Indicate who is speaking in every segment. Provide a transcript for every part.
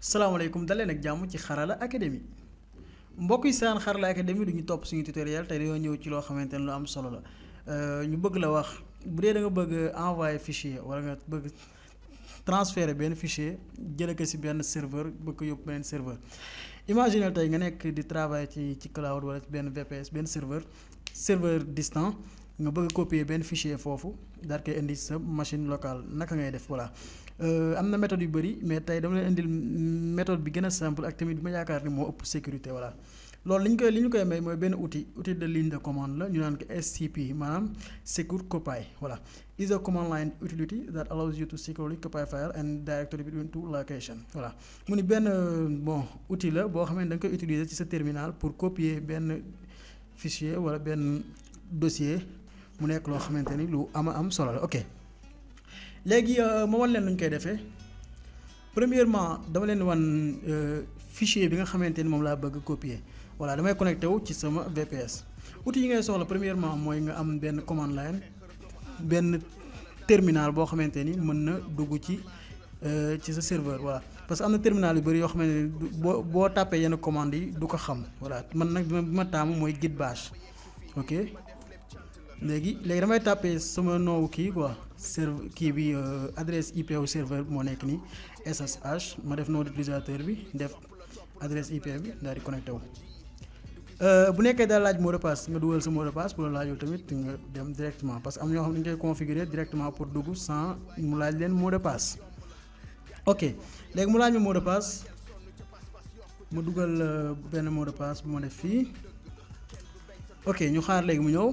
Speaker 1: salaamaaleykum daleen ak jàmm ci xarala académie mbokk yi seen xarala académie du ñu topp suñu tutoriel te dañoo ñëw ci loo xamante ne lu am solo la euh, ñu bëgg la wax bu dee da nga bëgg envoyer fichier wala nga bëgg transférer benn fichier jëlee ko si benn serveur bëgg ko yóbbu beneen serveur. imagine tey nga nekk di travail ci ci cloud wala ci benn VPS benn serveur serveur distant nga bëgg copier benn fichier foofu daal koy indi sa machine locale naka ngay def voilà euh, am na méthode yu bëri mais tey dama lay indil méthode bi gën a simple ak tamit bi ma yaakaar ni moo ëpp sécurité voilà loolu liñ koy li ñu koy may mooy benn outil outil de ligne de commande la ñu naan ko SCP maanaam Secure Copy voilà is a command line utility that allows you to securely copy file and directory between two location voilà mu ni benn euh, bon outil la boo xam ne da nga koy utiliser ci sa terminal pour copier benn fichier wala benn dossier mu nekk loo xamante ni lu ama am solo la ok léegi euh, ma wan leen nu ñu koy defee premièrement dama leen wan euh, fichier bi nga xamante ni moom laa bëgg copier voilà damay connecté wu ci sama VPS outil yi ngay soxla premièrement mooy nga am benn command line benn terminal boo xamante ni mën na dugg ci euh, ci sa serveur voilà parce que am na terminal yu bëri yoo xamante ni boo boo yenn commande yi du ko xam voilà man nag bi ma taamu mooy git bash ok léegi léegi damay tapé sama noowu kii quoi serve kii bi euh, adresse IP au serveur bi moo nekk SSH ma def nom utilisateur bi def adresse IP bi daal di connecté wu. Euh, bu nekkee daal laaj mot de passe nga dugal sa mot de passe pour la laajul tamit nga dem directement parce que am ñoo xam ne configurer directement pour dugg sans mu laaj leen mot de passe. ok léegi mu laaj ma mot de passe mu dugal euh, benn mot de passe bu ma def fii ok ñu xaar léegi mu ñëw.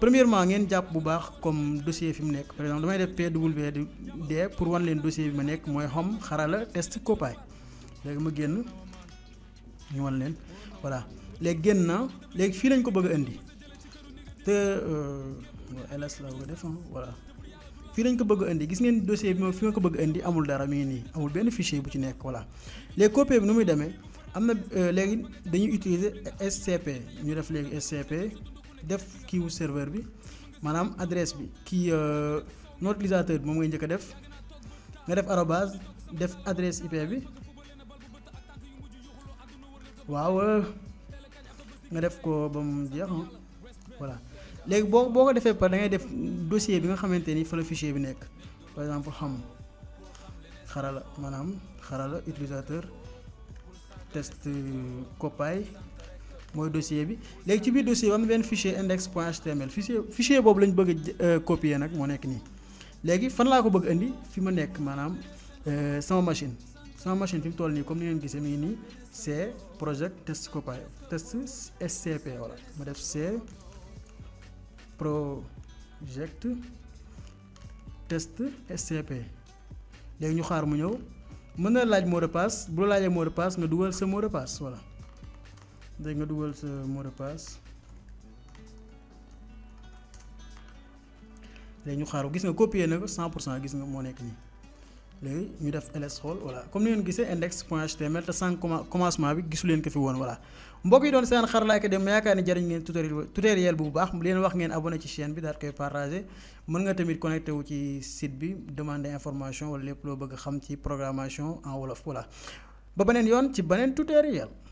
Speaker 1: premièrement ngeen jàpp bu baax comme dossier fi mu nekk par exemple damay def PWD pour wan leen dossier bi ma nekk mooy xam Xarala test Copaay léegi ma génn ñu wan leen voilà léegi génn naa léegi fii lañ ko bëgg indi te euh, LS ko def voilà fii lañ ko bëgg a gis ngeen dossier bi moom fi nga ko bëgg indi amul dara mi nii amul benn fichier bu ci nekk voilà léegi copier bi nu muy demee am na euh, léegi dañuy utiliser SCP ñu def léegi SCP. def kiiwu serveur bi maanaam adresse bi kii euh, nom utilisateur bi moom ngay njëkk a def nga def arobase def adresse IP bi waaw euh, nga def ko ba mu jeex voilà léegi boo boo ko defee par da ngay def dossier bi nga xamante ni fa la fichier bi nekk par exemple xam xarala maanaam xarala utilisateur test euh, copaay moy dossier bi léegi ci biir dossier bi am na fichier index point html fichier fichier bobu lañ bëgg euh, copier nak mo nek ni léegi fan la ko bëgg indi fi ma euh, sama machine sama machine fi toll comme ni ngeen gisse mi ni c project test copy test scp voilà ma def c project test scp Lagi ñu xaar mu ñëw mëna laaj mot de passe bu laajé mot de passe nga duggal sa mot de passe voilà dégg nga dugal sa mot de passe léegi ñu xaaru gis nga copier na ko gis nga moo nekk nii léegi ñu def ls xool voilà comme ni ngeen gisee index point html te sans commencement bi gisu leen ko fi woon voilà mbokk yi doon seen xar xarala ak dem yaakaar ne jariñ ngeen tutoriel tutoriel bu baax leen wax ngeen abonné ci chaîne bi daal koy partager mën nga tamit connecté wu ci site bi demande information wala lépp loo bëgg xam ci programmation en wolof voilà ba beneen yoon ci beneen tutoriel